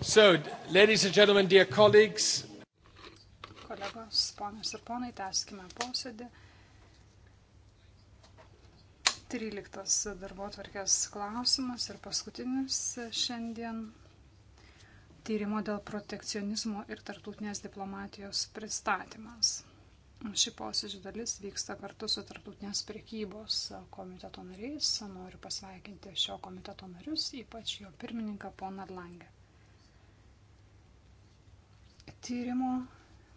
So, ladies and gentlemen, dear colleagues. Kolegos, ponios ir ponai, tęskime posėdį. 13 darbo atvarkės klausimas ir paskutinis šiandien. Tyrimo dėl protekcionizmo ir tartutinės diplomatijos pristatymas. Ši posėdžio dalis vyksta kartu su tartutinės priekybos komiteto nariais. Noriu pasveikinti šio komiteto narius, ypač jo pirmininką poną Langę tyrimo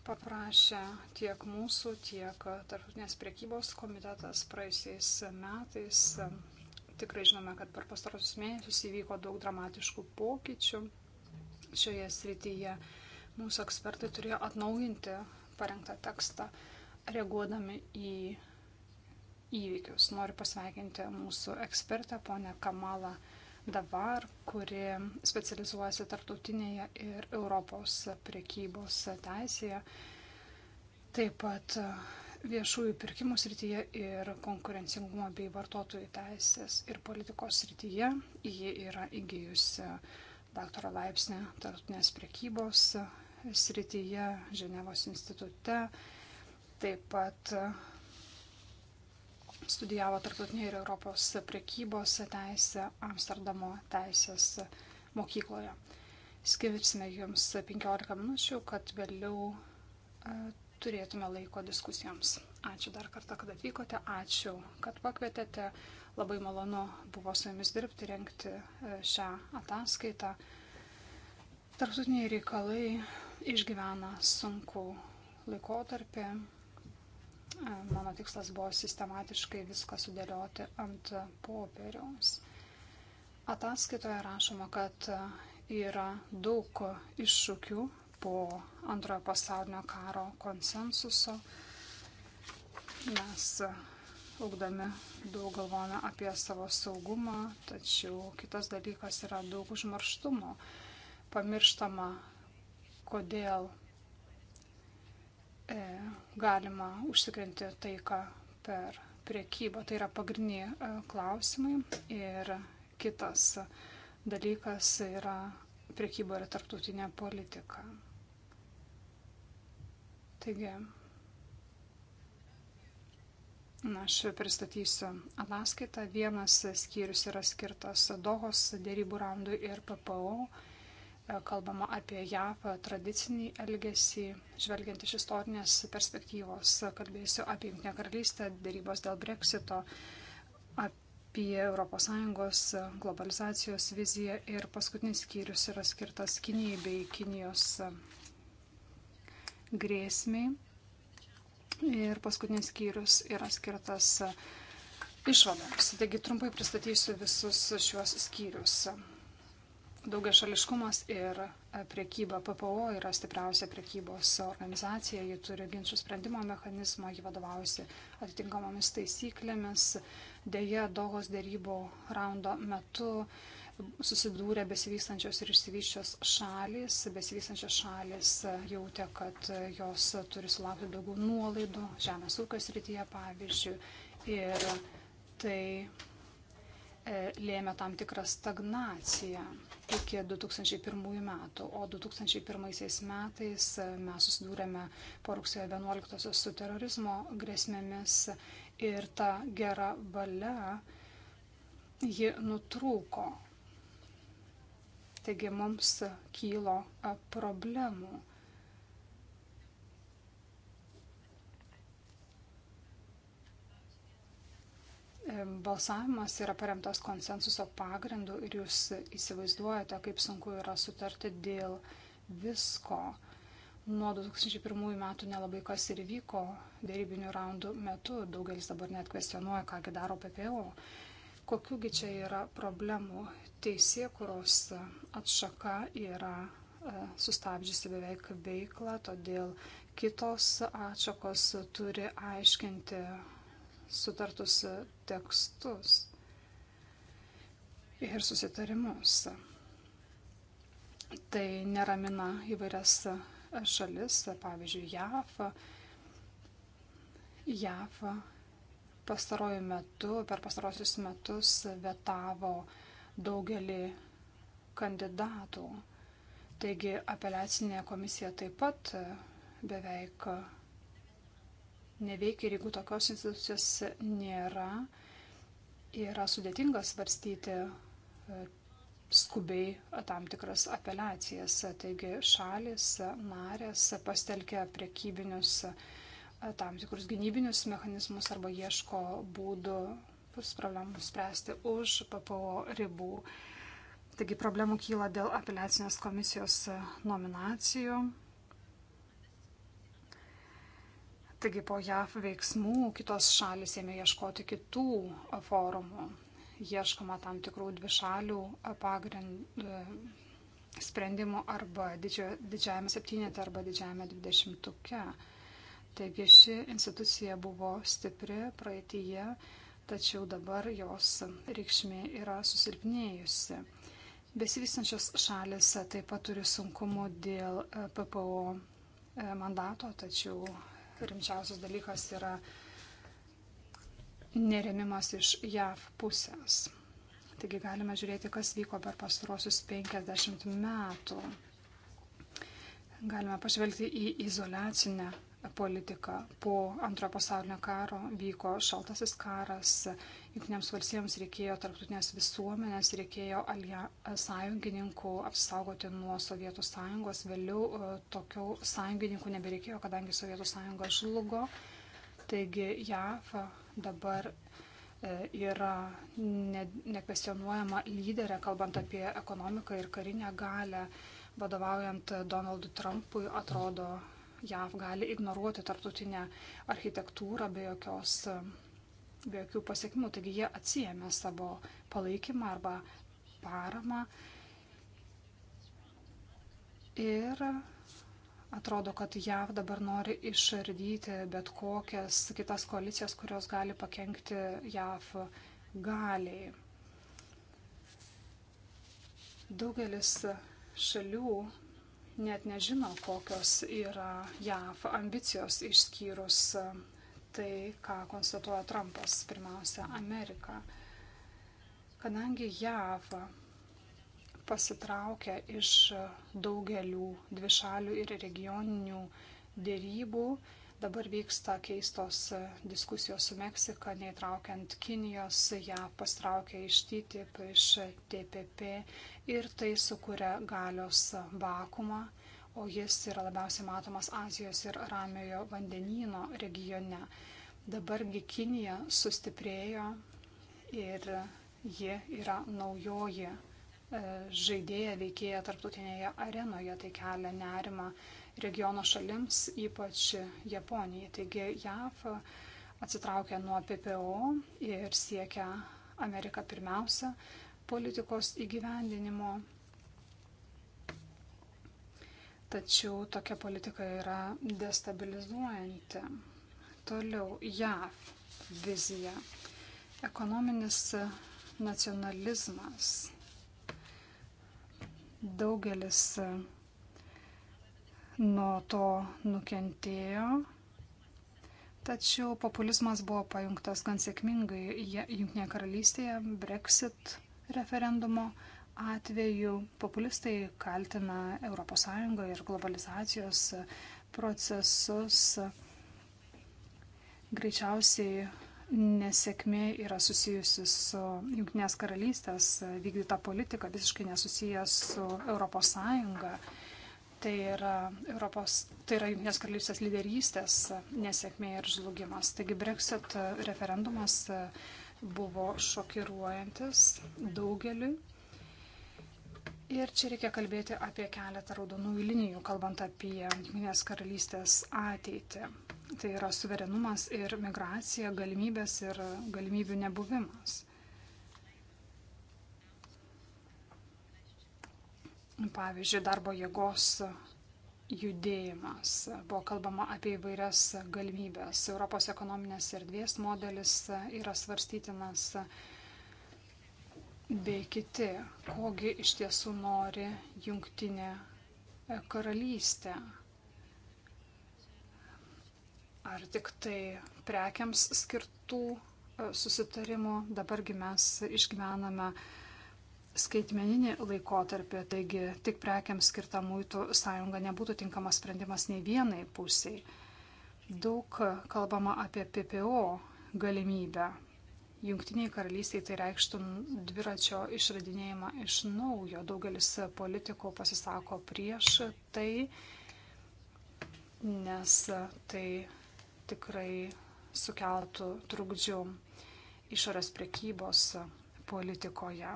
paprašė tiek mūsų, tiek e, Tarptautinės priekybos komitetas praeisiais metais. Tikrai žinome, kad per pastarosius mėnesius įvyko daug dramatiškų pokyčių šioje srityje. Mūsų ekspertai turėjo atnaujinti parengtą tekstą, reaguodami į įvykius. Noriu pasveikinti mūsų ekspertę, ponę Kamalą dabar, kuri specializuojasi tarptautinėje ir Europos priekybos teisėje, taip pat viešųjų pirkimų srityje ir konkurencingumo bei vartotojų teisės ir politikos srityje. Ji yra įgyjusi daktaro laipsnį tarptautinės priekybos srityje Ženevos institute. Taip pat studijavo tarptautinė ir Europos prekybos teisė Amsterdamo teisės mokykloje. Skirsime jums 15 minučių, kad vėliau e, turėtume laiko diskusijoms. Ačiū dar kartą, kad atvykote, ačiū, kad pakvietėte. Labai malonu buvo su jumis dirbti, renkti e, šią ataskaitą. Tarptautiniai reikalai išgyvena sunku laikotarpį Mano tikslas buvo sistematiškai viską sudėlioti ant popieriaus. Ataskaitoje rašoma, kad e, yra daug iššūkių po antrojo pasaulinio karo konsensuso. Mes e, augdami daug galvojame apie savo saugumą, tačiau kitas dalykas yra daug užmarštumo. Pamirštama, kodėl E, galima užsikrinti taiką per priekybą. Tai yra pagrindiniai e, klausimai. Ir kitas dalykas yra priekyba ir tarptautinė politika. Taigi, na, aš pristatysiu ataskaitą. Vienas skyrius yra skirtas Dohos dėrybų raundui ir PPO E, kalbama apie JAV tradicinį elgesį, žvelgiant iš istorinės perspektyvos, kalbėsiu apie Junktinę karalystę, dėrybos dėl breksito, apie ES globalizacijos viziją ir paskutinis skyrius yra skirtas Kinijai bei Kinijos grėsmiai. Ir paskutinis skyrius yra skirtas išvadoms. Taigi trumpai pristatysiu visus šiuos skyrius. Daugiašališkumas ir e, priekyba PPO yra stipriausia priekybos organizacija, ji turi ginčių sprendimo mechanizmą, ji vadovaujasi atitinkamomis taisyklėmis. Deja, Dohos dėrybo raundo metu susidūrė besivystančios ir išsivyščios šalis. Besivystančios šalis e, jautė, kad e, jos turi sulaukti daugiau nuolaidų žemės ūkio srityje, pavyzdžiui. Ir tai lėmė tam tikrą stagnaciją iki 2001 metų, o 2001 metais mes susidūrėme po rugsėjo 11 su terorizmo grėsmėmis ir ta gera valia, ji nutrūko. Taigi mums kylo problemų balsavimas yra paremtas konsensuso pagrindu ir jūs įsivaizduojate, kaip sunku yra sutarti dėl visko. Nuo 2001 metų nelabai kas ir vyko dėrybinių raundų metu, daugelis dabar net kvestionuoja, kągi daro PPO. Kokiugi čia yra problemų? Teisėkuros atšaka yra e, sustabdžiusi beveik veiklą, todėl kitos atšakos turi aiškinti sutartus tekstus ir susitarimus. Tai neramina įvairias šalis, pavyzdžiui, JAF. JAF pastarojų metų, per pastarosius metus vetavo daugelį kandidatų. Taigi apeliacinė komisija taip pat beveik neveikia ir jeigu tokios institucijos nėra, yra sudėtinga svarstyti e, skubiai tam tikras apeliacijas. Taigi šalis, narės pastelkia priekybinius e, tam tikrus gynybinius mechanizmus arba ieško būdų problemų spręsti už PPO ribų. Taigi problemų kyla dėl apeliacinės komisijos e, nominacijų Taigi po JAV veiksmų kitos šalis ėmė ieškoti kitų forumų. Ieškoma tam tikrų dvišalių pagrindų e, sprendimų arba didžio, didžiajame septynete arba didžiajame dvidešimtuke. Taigi ši institucija buvo stipri praeitįje, tačiau dabar jos reikšmė yra susilpnėjusi. Besivystančios šalis taip pat turi sunkumų dėl e, PPO e, mandato, tačiau rimčiausias dalykas yra neremimas iš JAV pusės. Taigi galime žiūrėti, kas vyko per pastaruosius 50 metų. Galime pažvelgti į izolacinę politiką. Po antrojo pasaulinio karo vyko šaltasis karas, jungtinėms valstijoms reikėjo tarptautinės visuomenės, reikėjo alia, sąjungininkų apsaugoti nuo Sovietų sąjungos, vėliau e, tokių sąjungininkų nebereikėjo, kadangi Sovietų sąjunga žlugo. Taigi JAV dabar e, yra nekvestionuojama lyderė, kalbant apie ekonomiką ir karinę galę, vadovaujant Donaldui Trumpui, atrodo JAV gali ignoruoti tarptautinę architektūrą be, jokios, be jokių pasiekmių. Taigi jie atsijėmė savo palaikymą arba paramą. Ir atrodo, kad JAV dabar nori išardyti bet kokias kitas koalicijas, kurios gali pakengti JAV galiai. Daugelis šalių net nežino, kokios yra JAV ambicijos išskyrus e, tai, ką konstatuoja Trumpas, pirmiausia, Amerika. Kadangi JAV pasitraukia iš e, daugelių dvišalių ir regioninių dėrybų, Dabar vyksta keistos e, diskusijos su Meksika, neįtraukiant Kinijos, ją pastraukia iš TTIP, iš TPP ir tai sukuria galios vakumą o jis yra labiausiai matomas Azijos ir Ramiojo vandenyno regione. Dabargi Kinija sustiprėjo ir ji yra naujoji e, žaidėja veikėja tarptautinėje arenoje, tai kelia nerima regiono šalims, ypač Japonijai. Taigi JAV atsitraukia nuo PPO ir siekia Amerika pirmiausia politikos įgyvendinimo. Tačiau tokia politika yra destabilizuojanti. Toliau JAV vizija. Ekonominis nacionalizmas. Daugelis nuo to nukentėjo. Tačiau populizmas buvo pajungtas gan sėkmingai Junktinėje karalystėje, Brexit referendumo atveju. Populistai kaltina ES ir globalizacijos procesus. Greičiausiai nesėkmė yra susijusi su Junktinės karalystės vykdyta politika, visiškai nesusijęs su ES. Tai yra Europos, tai yra Junktinės karalystės lyderystės nesėkmė ir žlugimas. Taigi Brexit referendumas buvo šokiruojantis daugeliu. Ir čia reikia kalbėti apie keletą raudonųjų linijų, kalbant apie Junktinės karalystės ateitį. Tai yra suverenumas ir migracija, galimybės ir galimybių nebuvimas. Nu, pavyzdžiui, darbo jėgos judėjimas. Buvo kalbama apie įvairias galimybės. Europos ekonominės erdvės modelis yra svarstytinas bei kiti, kogi iš tiesų nori jungtinė karalystė. Ar tik tai prekiams skirtų e, susitarimų, dabargi mes išgyvename uh, skaitmeninį laikotarpį, taigi tik prekiams skirta muitų sąjunga nebūtų tinkamas sprendimas nei vienai pusiai. Daug kalbama apie PPO galimybę. Junktiniai karalystiai tai reikštų dviračio išradinėjimą iš naujo. Daugelis politikų pasisako prieš tai, nes tai tikrai sukeltų trukdžių išorės prekybos politikoje.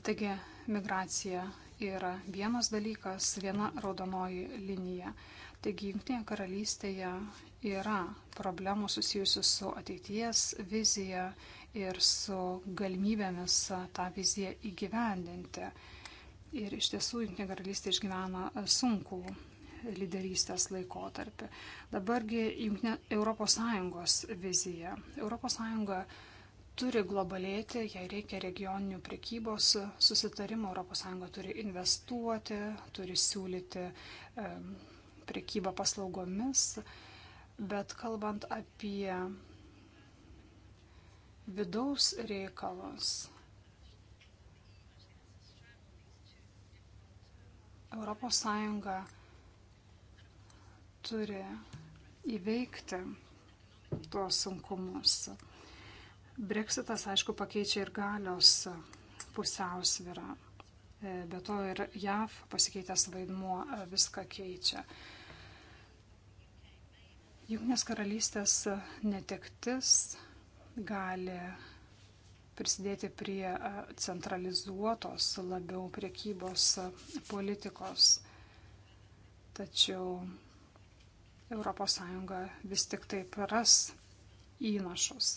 Taigi migracija yra vienas dalykas, viena raudonoji linija. Taigi Junktinėje karalystėje yra problemų susijusių su ateities vizija ir su galimybėmis tą viziją įgyvendinti. Ir iš tiesų Junktinė karalystė išgyvena sunkų lyderystės laikotarpį. Dabargi Junktinė Europos Sąjungos vizija. Europos Sąjunga turi globalėti, jai reikia regioninių prekybos susitarimų, ES turi investuoti, turi siūlyti prekybą paslaugomis, bet kalbant apie vidaus reikalus, ES turi įveikti tuos sunkumus. Brexitas, aišku, pakeičia ir galios pusiausvyrą. E, be to ir JAV pasikeitęs vaidmuo e, viską keičia. Junknės karalystės e, netektis gali prisidėti prie centralizuotos labiau priekybos politikos. Tačiau ES vis tik taip ras įnašus.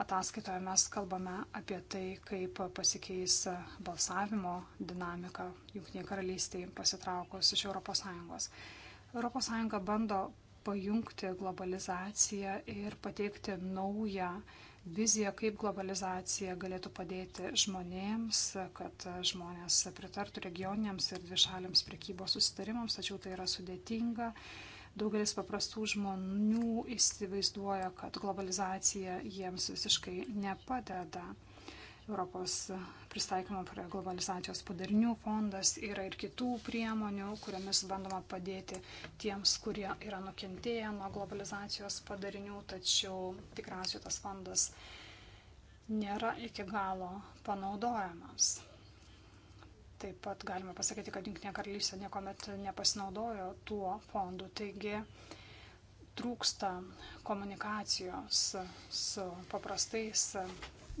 Ataskaitoje mes kalbame apie tai, kaip pasikeis balsavimo dinamika Junktinėje karalystėje pasitraukus iš ES. ES bando pajungti globalizaciją ir pateikti naują viziją, kaip globalizacija galėtų padėti žmonėms, kad žmonės pritartų regioniniams ir dvišaliams prekybos susitarimams, tačiau tai yra sudėtinga Daugelis paprastų žmonių įsivaizduoja, kad globalizacija jiems visiškai nepadeda. Europos pristaikymo prie globalizacijos padarinių fondas yra ir kitų priemonių, kuriamis bandoma padėti tiems, kurie yra nukentėję nuo globalizacijos padarinių, tačiau tikriausiai tas fondas nėra iki galo panaudojamas. Taip pat galima pasakyti, kad Junktinė karalystė niekuomet nepasinaudojo tuo fondu, taigi trūksta komunikacijos su paprastais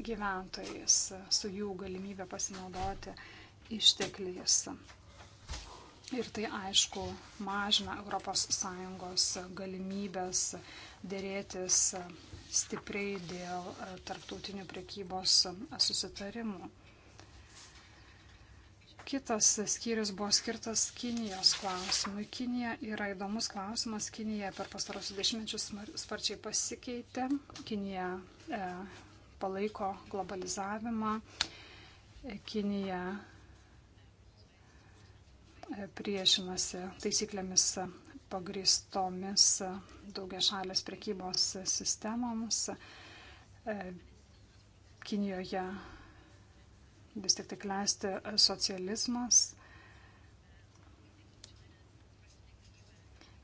gyventojais, su jų galimybė pasinaudoti ištekliais. Ir tai aišku mažina ES galimybės dėrėtis stipriai dėl tarptautinių priekybos susitarimų. Kitas skyrius buvo skirtas Kinijos klausimui. Kinija yra įdomus klausimas. Kinija per pastarosius dešimtmečius sparčiai pasikeitė. Kinija e, palaiko globalizavimą. E, Kinija e, priešinasi taisyklėmis pagristomis daugia šalės prekybos sistemoms. E, Kinijoje vis tik tai klesti socializmas.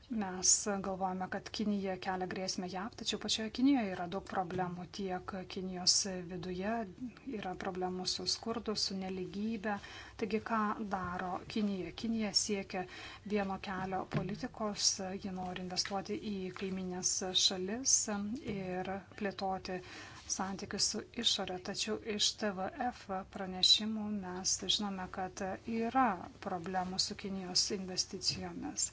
Mes galvojame, kad Kinija kelia grėsmę JAV, tačiau pačioje Kinijoje yra daug problemų tiek Kinijos viduje, yra problemų su skurdu, su neligybė. Taigi, ką daro Kinija? Kinija siekia vieno kelio politikos, ji nori investuoti į kaiminės šalis ir plėtoti santykius su išorė, tačiau iš TVF pranešimų mes žinome, kad yra problemų su Kinijos investicijomis.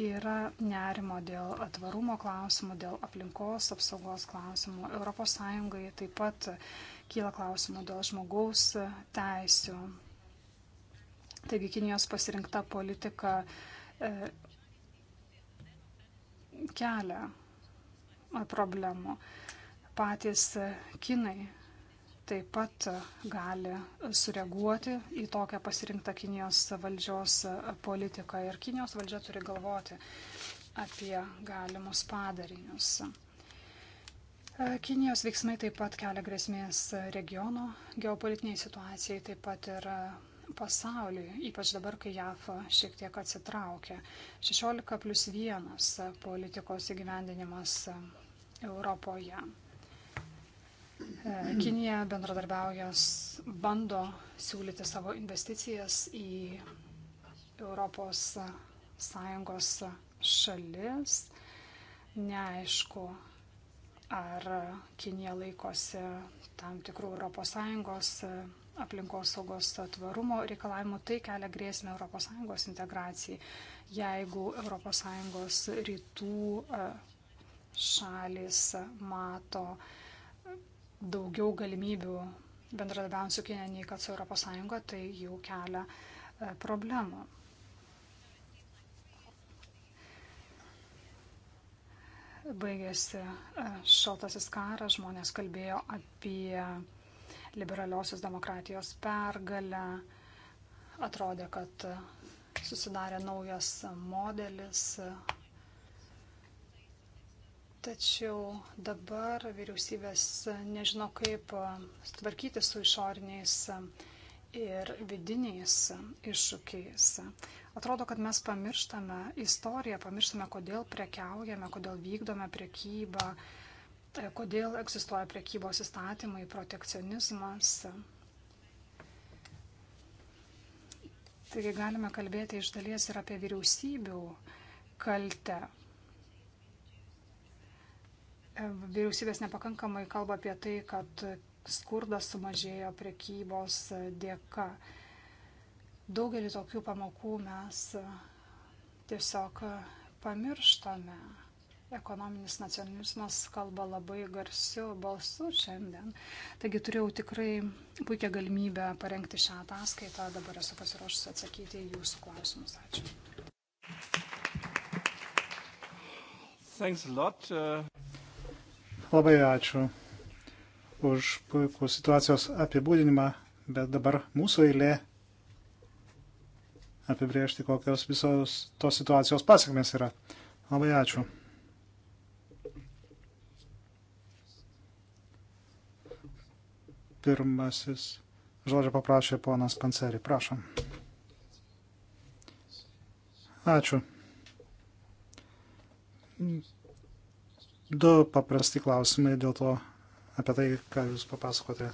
Yra nerimo dėl tvarumo klausimų, dėl aplinkos apsaugos klausimų. ES taip pat kyla klausimų dėl žmogaus teisių. Taigi Kinijos pasirinkta politika e, kelia problemų. E, patys Kinai taip pat gali sureaguoti į tokią pasirinktą Kinijos valdžios politiką ir Kinijos valdžia turi galvoti apie galimus padarinius. Kinijos veiksmai taip pat kelia grėsmės regiono geopolitiniai situacijai, taip pat ir pasauliui, ypač dabar, kai JAF šiek tiek atsitraukia. 16 plus 1 politikos įgyvendinimas Europoje. E, Kinija bendradarbiaujas, bando siūlyti savo investicijas į Europos Sąjungos šalis. Neaišku, ar Kinija laikosi tam tikrų ES aplinkos saugos tvarumo reikalavimų, tai kelia grėsmę ES integracijai. Jeigu ES rytų e, šalis mato, daugiau galimybių bendradarbiavant su Kinė nei kad su ES, tai jau kelia e, problemų. Baigėsi e, šaltasis karas, žmonės kalbėjo apie liberaliosios demokratijos pergalę, atrodė, kad e, susidarė naujas modelis, Tačiau dabar vyriausybės nežino, kaip tvarkyti su išoriniais ir vidiniais iššūkiais. Atrodo, kad mes pamirštame istoriją, pamirštame, kodėl prekiaujame, kodėl vykdome prekybą, e, kodėl egzistuoja prekybos įstatymai, protekcionizmas. Taigi galime kalbėti iš dalies ir apie vyriausybių kaltę Vyriausybės nepakankamai kalba apie tai, kad skurdas sumažėjo prekybos dėka. Daugelį tokių pamokų mes tiesiog pamirštame. Ekonominis nacionalizmas kalba labai garsiu balsu šiandien. Taigi turėjau tikrai puikią galimybę parengti šią ataskaitą. Dabar esu pasiruošusi atsakyti į jūsų klausimus. Ačiū. Thanks a lot. Uh... Labai ačiū už puikų situacijos apibūdinimą, bet dabar mūsų eilė apibriežti, kokios visos tos situacijos pasiekmes yra. Labai ačiū. Pirmasis žodžio paprašė ponas Panceri. Prašom. Ačiū. Du paprasti klausimai dėl to, apie tai, ką Jūs papasakote.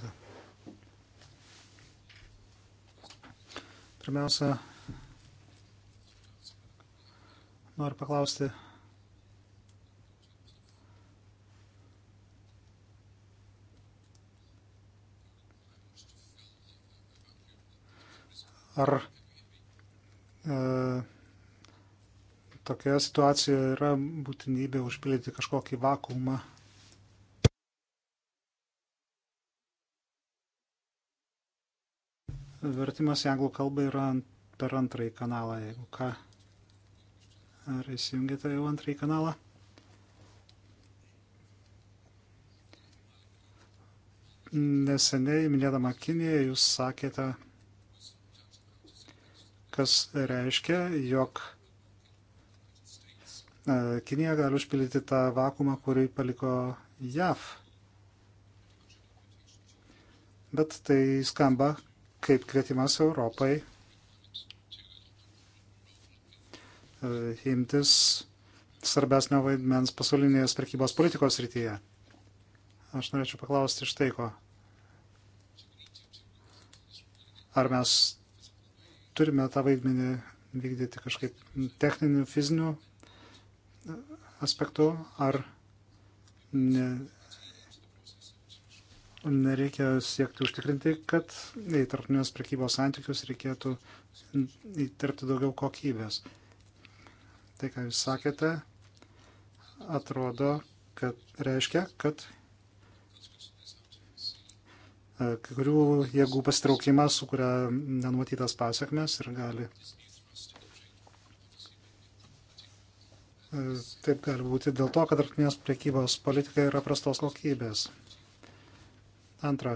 Pirmiausia, noriu paklausti. Ar e, tokioje situacijoje yra būtinybė užpildyti kažkokį vakumą. Vertimas į anglų kalbą yra per antrąjį kanalą, jeigu ką. Ar įsijungėte jau antrąjį kanalą? Neseniai, minėdama Kiniją, jūs sakėte, kas reiškia, jog E, Kinija gali užpildyti tą vakumą, kurį paliko JAV. Bet tai skamba kaip kvietimas Europai e, imtis svarbesnio vaidmens pasaulinės prekybos politikos rytyje. Aš norėčiau paklausti iš tai, ko. Ar mes turime tą vaidmenį vykdyti kažkaip techniniu, fiziniu aspektu, ar ne, nereikia siekti užtikrinti, kad į tarptautinės prekybos santykius reikėtų įtarti daugiau kokybės. Tai, ką jūs sakėte, atrodo, kad reiškia, kad e, kai kurių jėgų pasitraukimas sukuria nenumatytas pasiekmes ir gali Taip gali būti dėl to, kad tarptautinės priekybos politika yra prastos kokybės. Antra,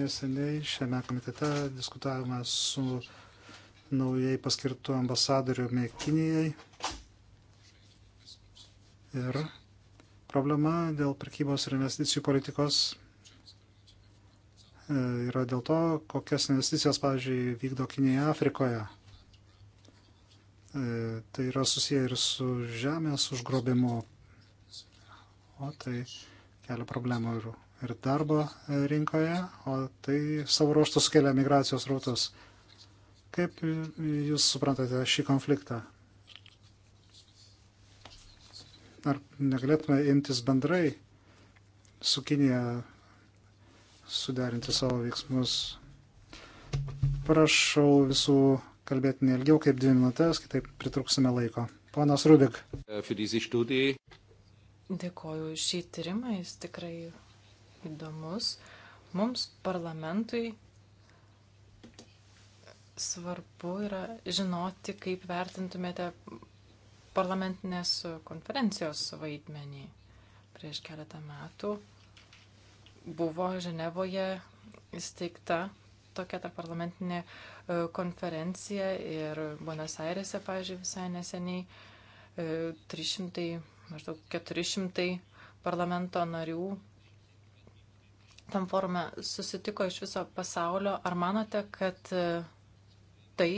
neseniai šiame komitete diskutavome su naujai paskirtu ambasadoriumi Kinijai. Ir problema dėl prekybos ir investicijų politikos e, yra dėl to, kokias investicijas, pavyzdžiui, vykdo Kinija Afrikoje E, tai yra susiję ir su žemės užgrobimu, o tai kelia problemų ir, ir darbo e, rinkoje, o tai savo ruoštų sukelia migracijos rautus. Kaip Jūs suprantate šį konfliktą? Ar negalėtume imtis bendrai su Kinija suderinti savo veiksmus? Prašau visų kalbėti neilgiau kaip dvi minutės, kitaip pritruksime laiko. Ponas Rubik. Dėkoju už šį tyrimą, jis tikrai įdomus. Mums parlamentui svarbu yra žinoti, kaip vertintumėte parlamentinės konferencijos vaidmenį. Prieš keletą metų buvo Ženevoje įsteigta tokia tarparlamentinė e, konferencija ir Buenos Airese, pažiūrėjau, visai neseniai 300, e, maždaug 400 parlamento narių tam forume susitiko iš viso pasaulio. Ar manote, kad e, tai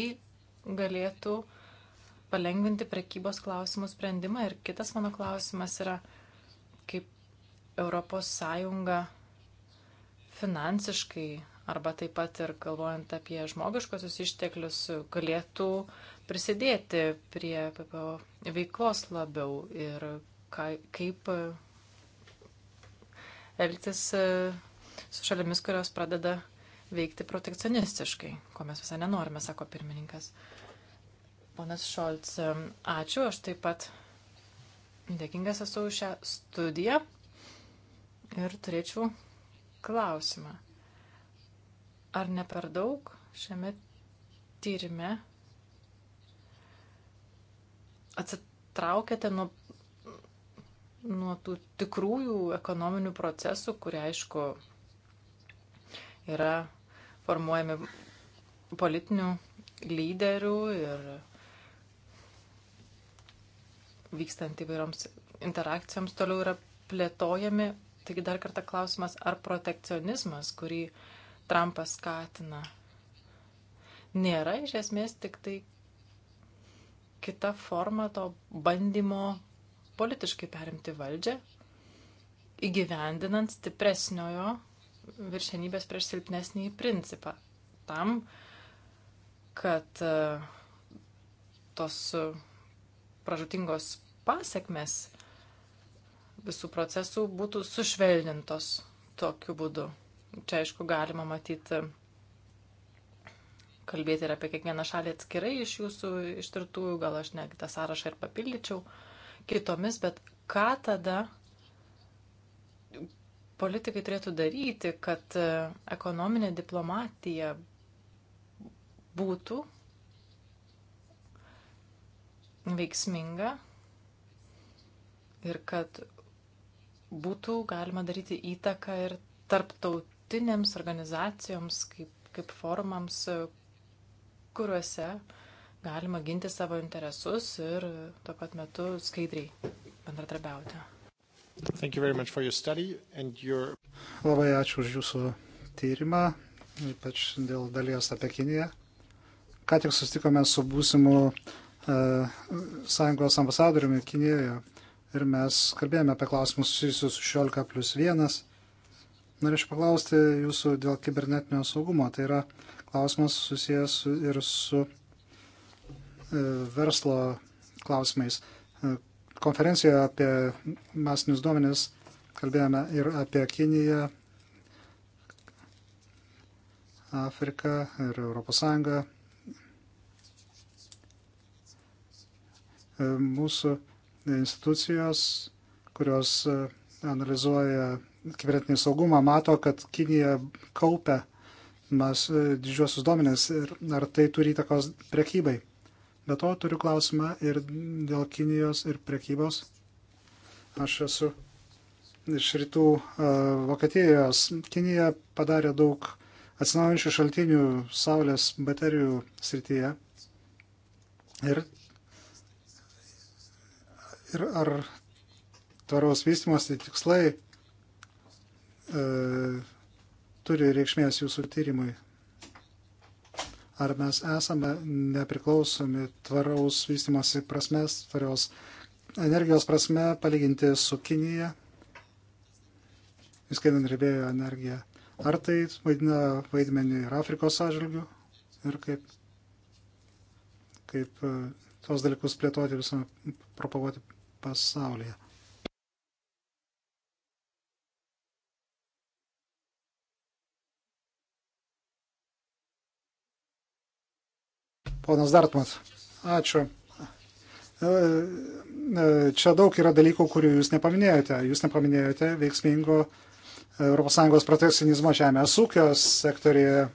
galėtų palengvinti prekybos klausimų sprendimą? Ir kitas mano klausimas yra, kaip ES finansiškai arba taip pat ir galvojant apie žmogiškosius išteklius, galėtų prisidėti prie PPO veiklos labiau ir ka, kaip elgtis e, su šalimis, kurios pradeda veikti protekcionistiškai, ko mes visai nenorime, sako pirmininkas. Ponas Šolc, e, ačiū, aš taip pat dėkingas esu už šią studiją ir turėčiau klausimą. Ar ne per daug šiame tyrime atsitraukėte nuo, nuo tų tikrųjų ekonominių procesų, kurie aišku yra formuojami politinių lyderių ir vykstant įvairioms interakcijoms toliau yra plėtojami. Taigi dar kartą klausimas, ar protekcionizmas, kurį uh, Trumpas skatina. Nėra iš esmės tik tai kita forma to bandymo politiškai perimti valdžią, įgyvendinant stipresniojo viršenybės prieš silpnesnį principą. Tam, kad e, tos e, pražutingos pasiekmes visų procesų būtų sušvelnintos tokiu būdu. Čia, aišku, galima matyti kalbėti ir apie kiekvieną šalį atskirai iš jūsų ištirtųjų, gal aš netgi tą sąrašą ir papildyčiau kitomis, bet ką tada politikai turėtų daryti, kad e, ekonominė diplomatija būtų veiksminga ir kad būtų galima daryti įtaką ir tarptaut tarptautinėms organizacijoms, kaip, kaip forumams, kuriuose galima ginti savo interesus ir tuo pat metu skaidriai bendradarbiauti. Your... Labai ačiū už Jūsų tyrimą, ypač dėl dalies apie Kiniją. Ką tik sustikome su būsimu uh, sąjungos ambasadoriumi Kinijoje ir mes kalbėjome apie klausimus susijusius su 16 plus 1 Norėčiau paklausti jūsų dėl kibernetinio saugumo. Tai yra klausimas susijęs ir su e, verslo klausimais. E, konferencijoje apie masinius duomenis kalbėjome ir apie Kiniją, Afriką ir Europos Sąjungą. E, mūsų institucijos, kurios analizuoja kibernetinį saugumą, mato, kad Kinija kaupia mas, e, didžiuosius duomenis ir ar tai turi įtakos prekybai. Be to turiu klausimą ir dėl Kinijos ir prekybos. Aš esu iš rytų uh, Vokietijos. Kinija padarė daug atsinaujančių šaltinių saulės baterijų srityje. Ir, ir ar tvaraus vystimosi tikslai E, turi reikšmės jūsų tyrimui? Ar mes esame nepriklausomi tvaraus vystimosi prasmes, tvarios energijos prasme palyginti su Kinija, įskaitant ir vėjo energiją? Ar tai vaidina vaidmenį ir Afrikos atžvilgių? Ir kaip, kaip e, tos dalykus plėtoti visame, propaguoti pasaulyje? Ponas Dartmas, ačiū. E, e, čia daug yra dalykų, kurių jūs nepaminėjote. Jūs nepaminėjote veiksmingo ES protekcionizmo žemės ūkio sektorėje e,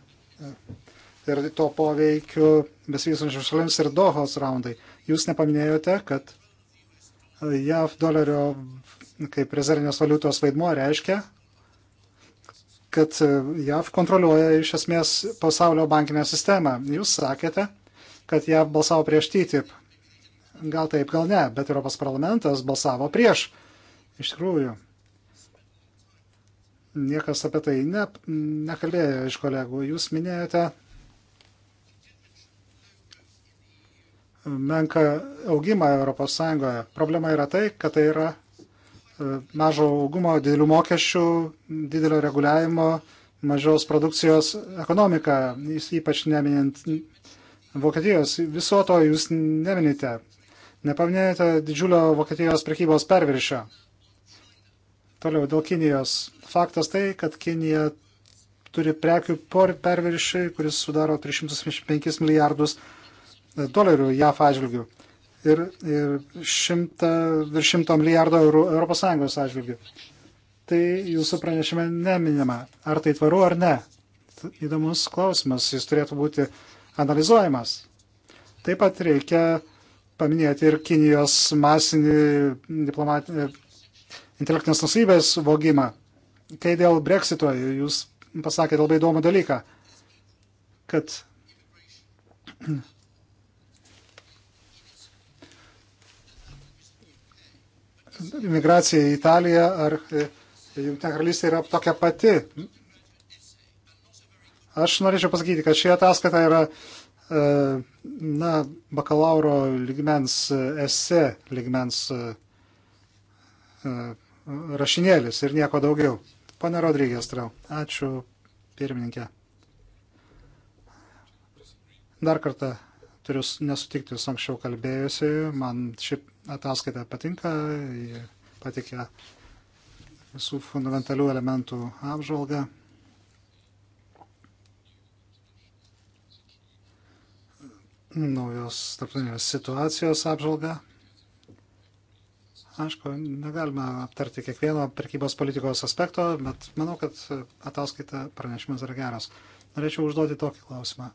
ir to poveikiu besivysančių šalims ir Dohos raundai. Jūs nepaminėjote, kad JAV dolerio kaip rezervinės valiutos vaidmuo reiškia, kad JAV kontroliuoja iš esmės pasaulio bankinę sistemą. Jūs sakėte, kad jie balsavo prieš TTIP. Gal taip, gal ne, bet Europos parlamentas balsavo prieš. Iš tikrųjų, niekas apie tai ne, nekalbėjo iš kolegų. Jūs minėjote menka augimą ES. Problema yra tai, kad tai yra e, mažo augumo, didelių mokesčių, didelio reguliavimo, mažos produkcijos ekonomika, ypač neminint Vokietijos. Viso to jūs neminite. Nepaminėjote didžiulio Vokietijos prekybos perviršio. Toliau dėl Kinijos. Faktas tai, kad Kinija turi prekių perviršį, kuris sudaro 375 milijardus e, dolerių JAF atžvilgių ir, ir šimta, virš šimto milijardo eurų ES atžvilgių. Tai jūsų pranešime neminima. Ar tai tvaru ar ne? Įdomus klausimas. Jis turėtų būti uh, analizuojamas. Taip pat reikia paminėti ir Kinijos masinį diplomatinį intelektinės nusybės vogimą. Kai dėl breksito jūs pasakėte labai įdomų dalyką, kad migracija į Italiją ar Junktinė karalystė yra tokia pati. Aš norėčiau pasakyti, kad šie ataskaita yra, e, na, bakalauro ligmens e, esė, ligmens e, rašinėlis ir nieko daugiau. Pane Rodrygės, trau. Ačiū, pirmininkė. Dar kartą turiu nesutikti su anksčiau kalbėjusiu. Man ši ataskaita patinka, patikė visų fundamentalių elementų apžvalgą. naujos tarptautinės situacijos apžvalgą. Aišku, negalime aptarti kiekvieno prekybos politikos aspekto, bet manau, kad ataskaita pranešimas yra geras. Norėčiau užduoti tokį klausimą.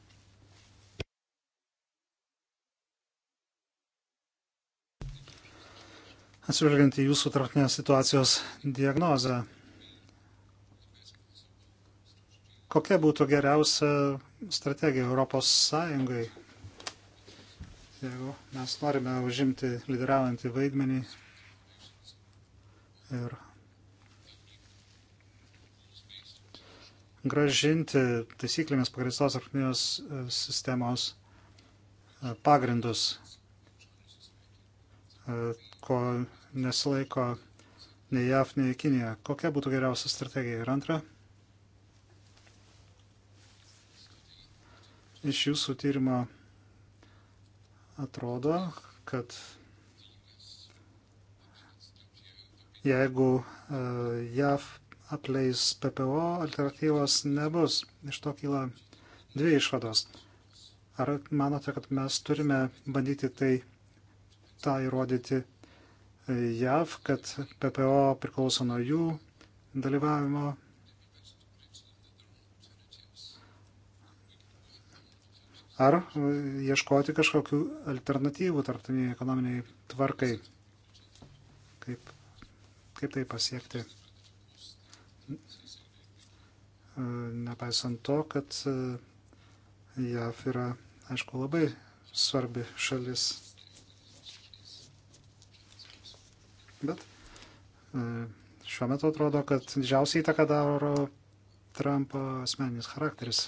Atsižvelgiant į jūsų tarptautinės situacijos diagnozę, kokia būtų geriausia strategija Europos Sąjungai Jeigu mes norime užimti lyderiaujantį vaidmenį ir gražinti taisyklėmis pagristos archminės e, sistemos e, pagrindus, e, ko nesilaiko nei JAV, nei Kinija. Kokia būtų geriausia strategija? Ir antra, iš jūsų tyrimo atrodo, kad jeigu e, JAV apleis PPO, alternatyvos nebus. Iš to kyla dvi išvados. Ar manote, kad mes turime bandyti tai tą įrodyti e, JAV, kad PPO priklauso nuo jų dalyvavimo ar e, ieškoti kažkokių alternatyvų tarptautiniai ekonominiai tvarkai. Kaip, kaip tai pasiekti? E, nepaisant to, kad e, JAF yra, aišku, labai svarbi šalis. Bet šiuo metu atrodo, kad didžiausiai įtaką daro Trumpo asmeninis charakteris.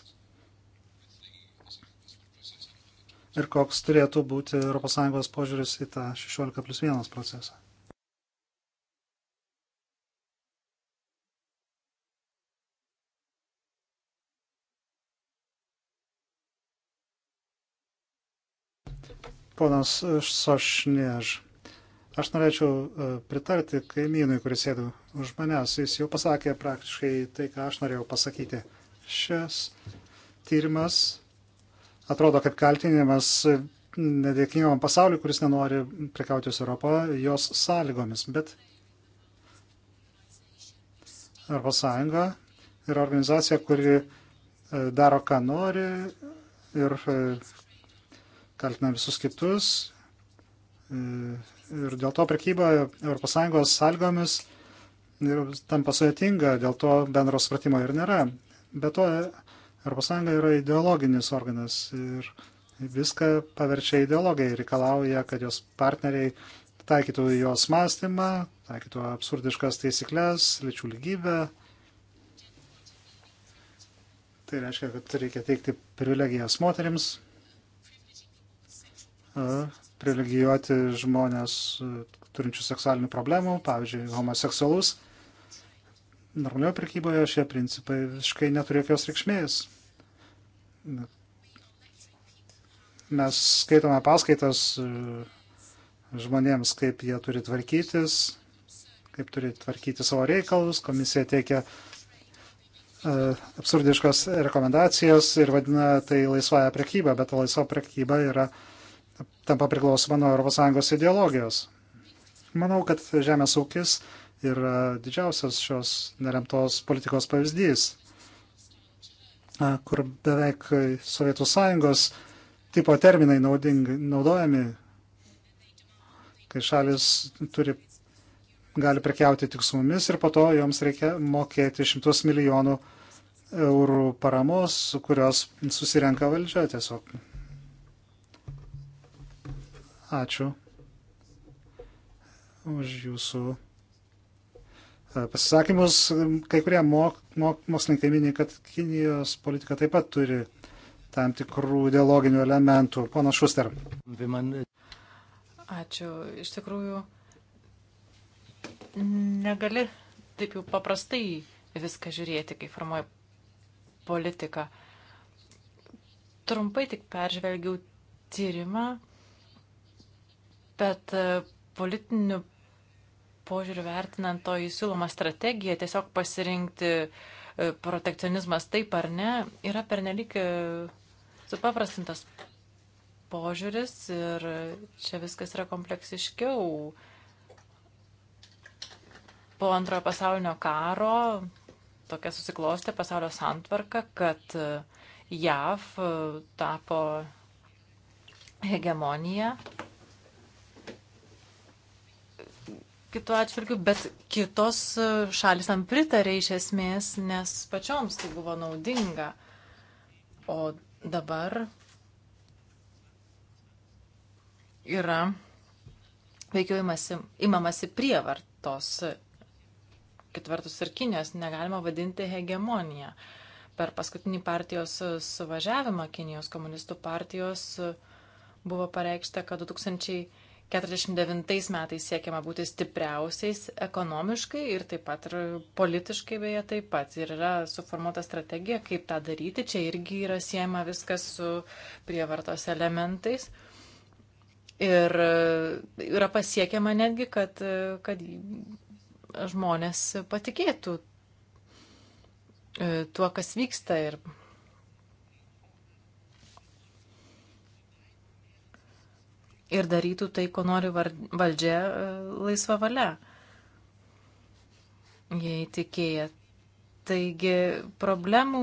ir koks turėtų būti ES požiūris į tą 16 plus 1 procesą. Ponas Sošnėž, aš norėčiau e, pritarti kaimynui, kuris sėdi už manęs. Jis jau pasakė praktiškai tai, ką aš norėjau pasakyti. Šis tyrimas atrodo kaip kaltinimas nedėkingam pasauliu, kuris nenori prekiauti su Europa jos sąlygomis. Bet Europos Sąjunga yra organizacija, kuri e, daro, ką nori ir e, kaltina visus kitus. E, ir dėl to prekyba ES sąlygomis tampa sudėtinga, dėl to bendro supratimo ir nėra. Be to, ES yra ideologinis organas ir viską paverčia ideologijai, reikalauja, kad jos partneriai taikytų jos mąstymą, taikytų absurdiškas taisyklės, lyčių lygybę. Tai reiškia, kad reikia teikti privilegijas moteriams, privilegijuoti žmonės turinčių seksualinių problemų, pavyzdžiui, homoseksualus normalioje prekyboje šie principai visiškai neturi jokios reikšmės. Mes skaitome paskaitas e, žmonėms, kaip jie turi tvarkytis, kaip turi tvarkyti savo reikalus. Komisija teikia e, absurdiškas rekomendacijas ir vadina tai laisvąją prekybą, bet laisva prekyba yra tampa priklausoma nuo ES ideologijos. Manau, kad žemės ūkis yra didžiausias šios neremtos politikos pavyzdys, kur beveik Sovietų sąjungos tipo terminai naudingi, naudojami, kai šalis turi, gali prekiauti tik su mumis ir po to joms reikia mokėti šimtus milijonų eurų paramos, kurios susirenka valdžia tiesiog. Ačiū už jūsų E, pasisakymus, kai kurie mok, mok, mokslininkai mini, kad Kinijos politika taip pat turi tam tikrų ideologinių elementų. Pana Šuster. Ačiū. Iš tikrųjų, negali taip jau paprastai viską žiūrėti, kai formuoja politiką. Trumpai tik peržvelgiau tyrimą, bet e, politinių požiūriu vertinant to įsiūlomą strategiją, tiesiog pasirinkti e, protekcionizmas taip ar ne, yra pernelik e, supaprastintas požiūris ir čia viskas yra kompleksiškiau. Po antrojo pasaulinio karo tokia susiklostė pasaulio santvarka, kad e, JAV tapo hegemonija kitų atžvilgių, bet kitos e, šalis tam pritarė iš esmės, nes pačioms tai buvo naudinga. O dabar yra veikiau imasi, imamasi prievartos, ketvertus ir Kinijos, negalima vadinti hegemonija. Per paskutinį partijos suvažiavimą Kinijos komunistų partijos buvo pareikšta, kad 2000 49 metais siekiama būti stipriausiais ekonomiškai ir taip pat ir politiškai beje taip pat. Ir yra suformuota strategija, kaip tą daryti. Čia irgi yra siejama viskas su prievartos elementais. Ir yra pasiekiama netgi, kad, kad žmonės patikėtų e, tuo, kas vyksta ir ir darytų tai, ko nori valdžia e, laisva valia, jei tikėję. Taigi problemų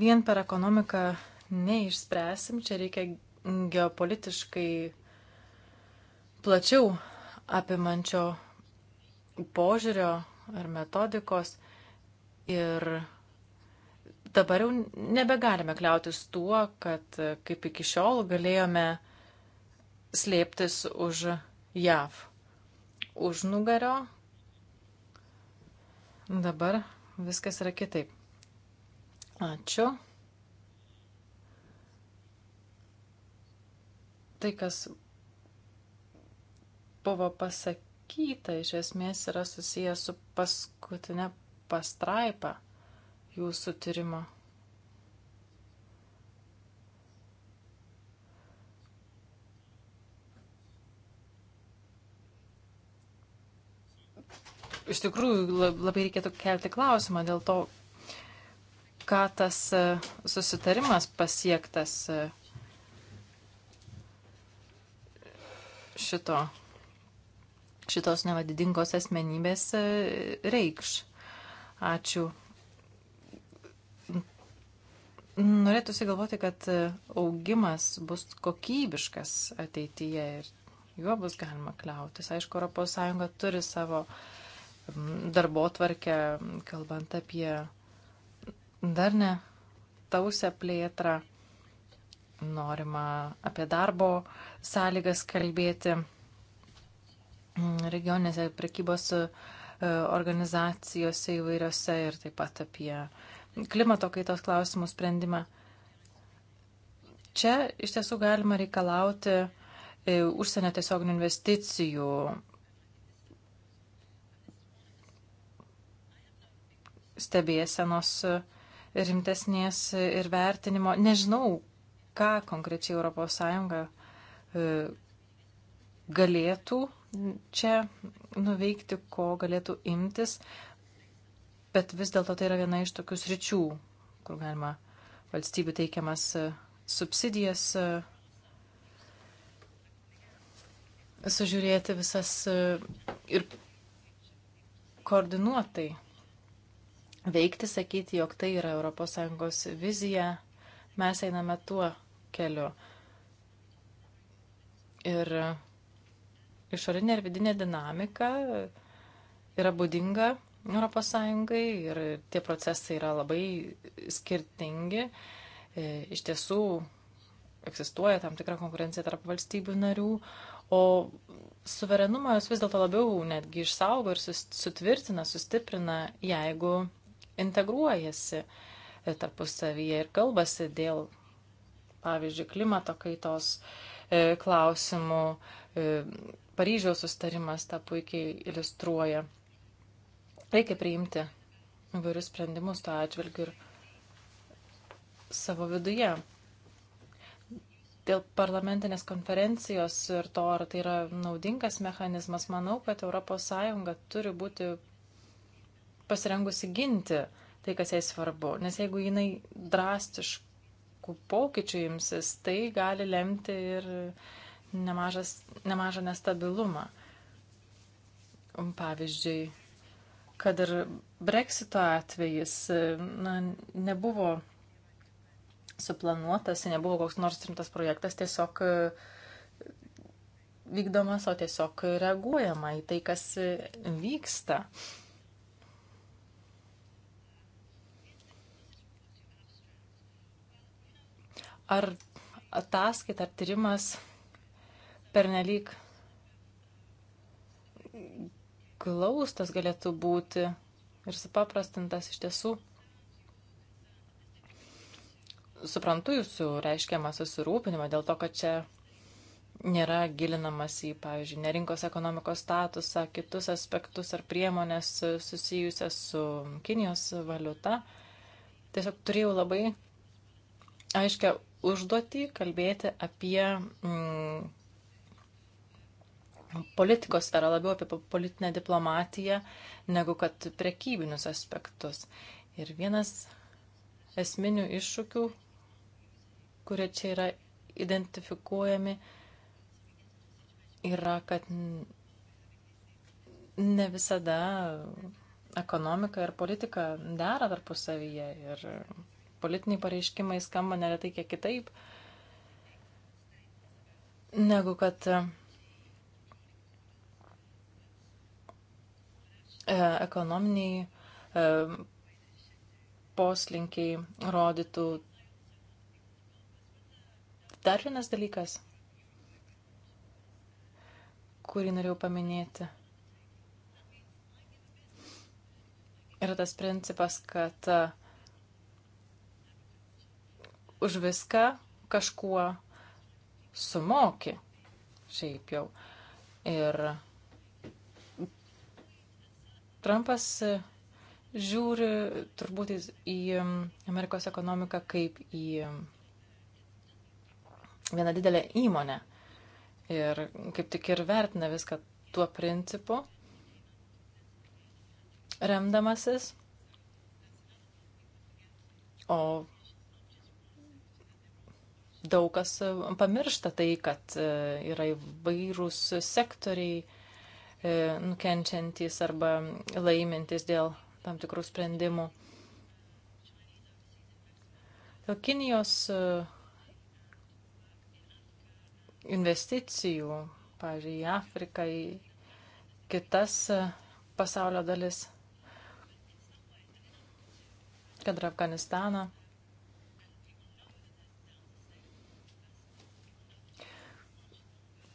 vien per ekonomiką neišspręsim, čia reikia geopolitiškai plačiau apimančio požiūrio ar metodikos ir dabar jau nebegalime kliautis tuo, kad e, kaip iki šiol galėjome slėptis už JAV užnugario. Dabar viskas yra kitaip. Ačiū. Tai, kas buvo pasakyta, iš esmės yra susijęs su paskutinė pastraipa jūsų tyrimo. iš tikrųjų labai reikėtų kelti klausimą dėl to, ką tas e, susitarimas pasiektas e, šito, šitos nevadidingos asmenybės e, reikš. Ačiū. Norėtųsi galvoti, kad augimas bus kokybiškas ateityje ir juo bus galima kliautis. Aišku, ES turi savo uh, darbo tvarkę, kalbant apie dar ne tausią plėtrą, norima apie darbo sąlygas kalbėti regionėse prekybos e, organizacijose įvairiose ir taip pat apie klimato kaitos klausimų sprendimą. Čia iš tiesų galima reikalauti e, užsienio tiesioginių investicijų stebėsenos e, rimtesnės e, ir vertinimo. Nežinau, ką konkrečiai ES e, galėtų čia nuveikti, ko galėtų imtis, bet vis dėlto tai yra viena iš tokių sričių, kur galima valstybių teikiamas subsidijas sužiūrėti visas ir koordinuotai veikti, sakyti, jog tai yra ES vizija, mes einame tuo keliu. Ir išorinė ir vidinė dinamika yra būdinga ES ir tie procesai yra labai skirtingi. Iš tiesų egzistuoja tam tikra konkurencija tarp valstybių narių, o suverenumą jos vis dėlto labiau netgi išsaugo ir sutvirtina, sustiprina, jeigu integruojasi e, tarpusavyje ir kalbasi dėl, pavyzdžiui, klimato kaitos e, klausimų. E, Paryžiaus sustarimas tą puikiai iliustruoja. Reikia priimti įvairius sprendimus tą atžvilgiu ir savo viduje. Dėl parlamentinės konferencijos ir to, ar tai yra naudingas mechanizmas, manau, kad ES turi būti pasirengusi ginti tai, kas jai svarbu. Nes jeigu jinai drastiškų pokyčių imsis, tai gali lemti ir nemažas, nemažą nestabilumą. Pavyzdžiui, kad ir Brexito atvejis na, nebuvo suplanuotas, nebuvo koks nors rimtas projektas, tiesiog vykdomas, o tiesiog reaguojama į tai, kas vyksta. Uh, ar ataskaita, ar tyrimas pernelyg glaustas galėtų būti ir supaprastintas iš tiesų. Suprantu jūsų reiškiamą susirūpinimą dėl to, kad čia nėra gilinamas į, pavyzdžiui, nerinkos ekonomikos statusą, kitus aspektus ar priemonės susijusias su Kinijos valiuta. Tiesiog turėjau labai aiškę užduotį kalbėti apie mm, politikos sferą, labiau apie politinę diplomatiją, negu kad prekybinius aspektus. Ir vienas esminių iššūkių, kurie čia yra identifikuojami, yra, kad ne visada ekonomika ir politika dera tarpusavyje ir politiniai pareiškimai skamba neretai kiek kitaip, negu kad e, ekonominiai e, poslinkiai rodytų. Dar vienas dalykas, kurį norėjau paminėti, yra tas principas, kad uh, už viską kažkuo sumoki. Šiaip jau. Ir Trumpas žiūri turbūt į Amerikos ekonomiką kaip į vieną didelę įmonę. Ir kaip tik ir vertina viską tuo principu, remdamasis. O daug kas e, pamiršta tai, kad e, yra įvairūs sektoriai e, nukenčiantys arba laimintis dėl tam tikrų sprendimų. Dėl Kinijos investicijų, pažiūrėjau, į Afriką, į kitas pasaulio dalis, kad ir Afganistaną.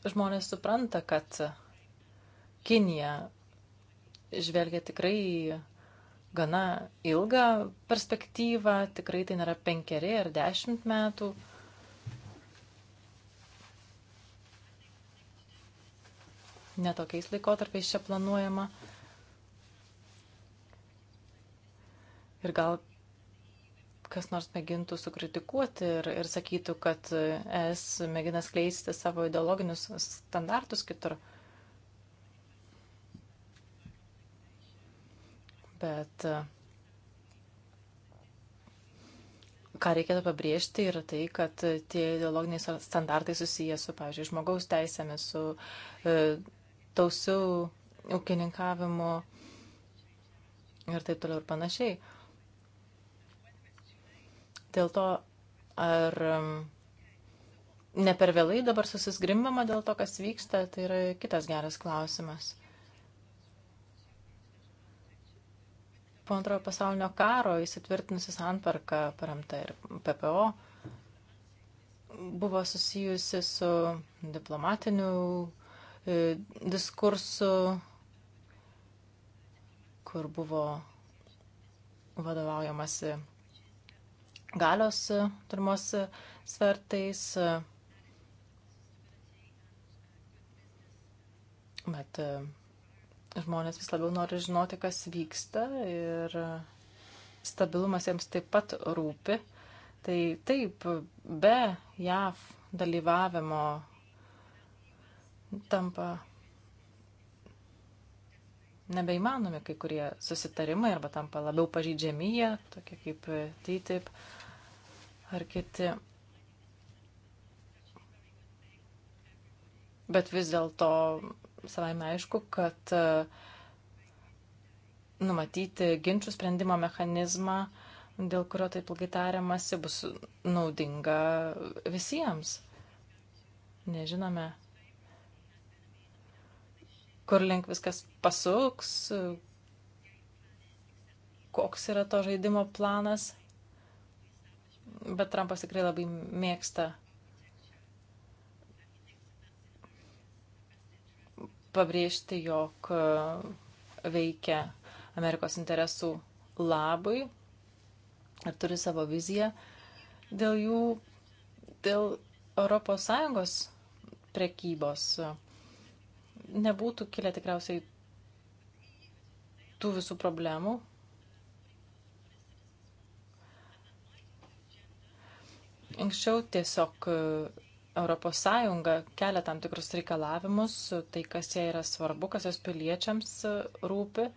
žmonės supranta, kad Kinija žvelgia tikrai gana ilgą perspektyvą, tikrai tai nėra penkeri ar dešimt metų. Netokiais laikotarpiais čia planuojama. Ir gal kas nors mėgintų sukritikuoti ir, ir sakytų, kad es mėgina skleisti savo ideologinius standartus kitur. Bet e, ką reikėtų pabrėžti yra tai, kad tie ideologiniai standartai susiję su, pavyzdžiui, žmogaus teisėmis, su e, tausiu ūkininkavimu ir taip toliau ir panašiai. Dėl to, ar um, ne per vėlai dabar susisgrimbama dėl to, kas vyksta, tai yra kitas geras klausimas. Po antrojo pasaulinio karo įsitvirtinusi santvarka paramta ir PPO buvo susijusi su diplomatiniu e, diskursu, kur buvo vadovaujamasi galios e, turimos e, svertais, e, bet žmonės vis labiau nori žinoti, kas vyksta ir stabilumas jiems taip pat rūpi. Tai taip, be JAV dalyvavimo tampa nebeįmanomi kai kurie susitarimai arba tampa labiau pažydžiami jie, tokie kaip TTIP. Tai ar kiti. Bet vis dėlto savai aišku, kad e, numatyti ginčių sprendimo mechanizmą, dėl kurio taip ilgai tariamasi, bus naudinga visiems. Nežinome, kur link viskas pasuks, koks yra to žaidimo planas. Bet Trumpas tikrai labai mėgsta pabrėžti, jog veikia Amerikos interesų labui ir turi savo viziją dėl jų, dėl ES prekybos. Nebūtų kilę tikriausiai tų visų problemų, Anksčiau tiesiog ES kelia tam tikrus reikalavimus, tai kas jai yra svarbu, kas jos piliečiams e, rūpi.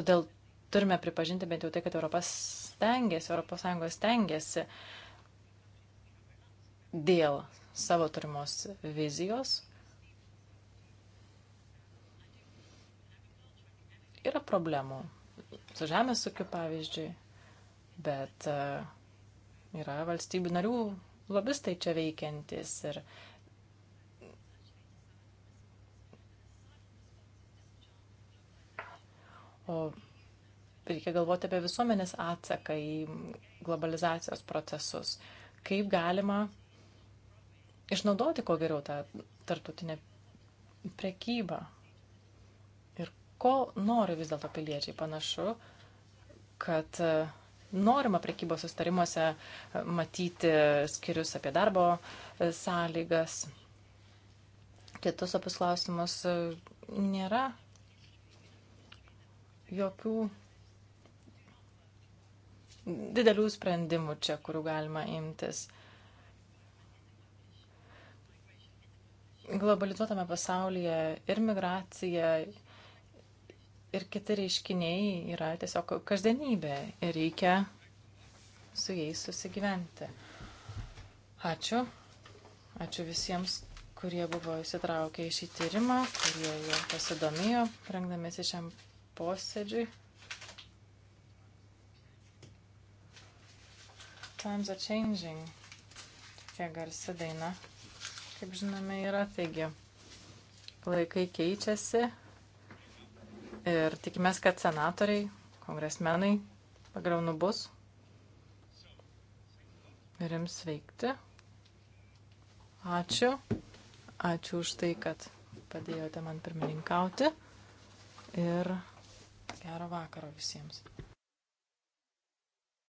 Todėl turime pripažinti bent jau tai, kad Europas stengiasi, ES stengiasi dėl savo turimos vizijos Yra problemų su žemės ūkiu, pavyzdžiui, bet e, yra valstybių narių lobistai čia veikiantis ir O reikia galvoti apie visuomenės atsaką į globalizacijos procesus. Kaip galima išnaudoti kuo geriau tą tartutinę prekybą. Ko nori vis dėlto piliečiai? Panašu, kad e, norima prekybos sustarimuose e, matyti skirius apie darbo e, sąlygas, kitus opius klausimus. Nėra jokių didelių sprendimų čia, kurių galima imtis. Globalizuotame pasaulyje ir migracija, ir kiti reiškiniai yra tiesiog kasdienybė ir reikia su jais susigyventi. Ačiū. Ačiū visiems, kurie buvo įsitraukę į šį tyrimą, kurie jo pasidomėjo, rengdamėsi šiam posėdžiui. Times are changing. Tokia garsi daina, kaip žinome, yra. Taigi, laikai keičiasi. Ir tikimės, kad senatoriai, kongresmenai pagaliau nubus ir jums veikti. Ačiū. Ačiū už tai, kad padėjote man pirmininkauti. Ir gero vakaro visiems.